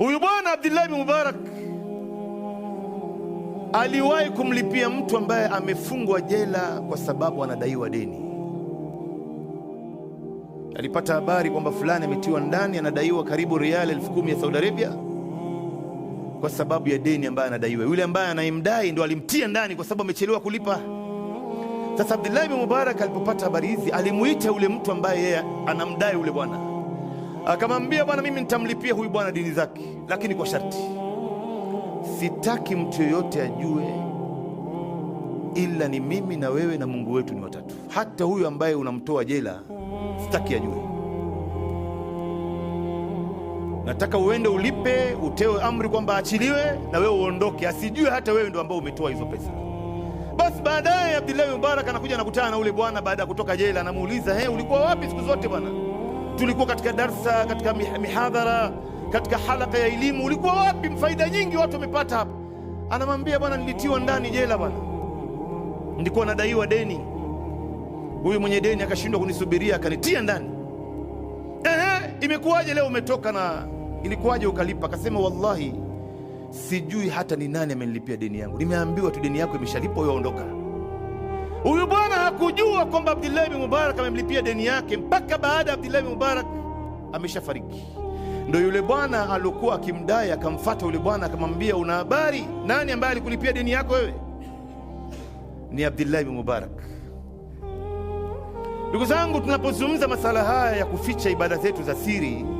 Huyu bwana Abdullah bin Mubarak aliwahi kumlipia mtu ambaye amefungwa jela kwa sababu anadaiwa deni. Alipata habari kwamba fulani ametiwa ndani, anadaiwa karibu riali elfu kumi ya Saudi Arabia kwa sababu ya deni ambaye anadaiwa. Yule ambaye anayemdai ndo alimtia ndani kwa sababu amechelewa kulipa. Sasa Abdullahi bin Mubarak alipopata habari hizi, alimuita yule mtu ambaye yeye anamdai yule bwana Akamwambia, bwana, mimi nitamlipia huyu bwana dini zake, lakini kwa sharti sitaki mtu yoyote ajue ila ni mimi na wewe na Mungu wetu ni watatu. Hata huyu ambaye unamtoa jela sitaki ajue. Nataka uende ulipe, utewe amri kwamba achiliwe na wewe uondoke, asijue hata wewe ndo ambao umetoa hizo pesa. Basi baadaye Abdullahi Mubarak anakuja anakutana na ule bwana baada ya kutoka jela, anamuuliza he, ulikuwa wapi siku zote bwana? tulikuwa katika darsa, katika mihadhara, katika halaka ya elimu. Ulikuwa wapi? Faida nyingi watu wamepata hapa. Anamwambia bwana, nilitiwa ndani jela bwana, nilikuwa nadaiwa deni, huyu mwenye deni akashindwa kunisubiria akanitia ndani. Ehe, imekuwaje leo umetoka na ilikuwaje ukalipa? Akasema wallahi, sijui hata ni nani amenilipia deni yangu, nimeambiwa tu deni yako imeshalipwa, wewe ondoka. Huyu bwana hakujua kwamba Abdullahi bin Mubarak amemlipia deni yake mpaka baada ya Abdullahi bin Mubarak ameshafariki. Ndio yule bwana aliokuwa akimdai akamfata yule bwana akamwambia, una habari nani ambaye alikulipia deni yako wewe? Ni Abdullahi bin Mubarak. Ndugu zangu, tunapozungumza masala haya ya kuficha ibada zetu za siri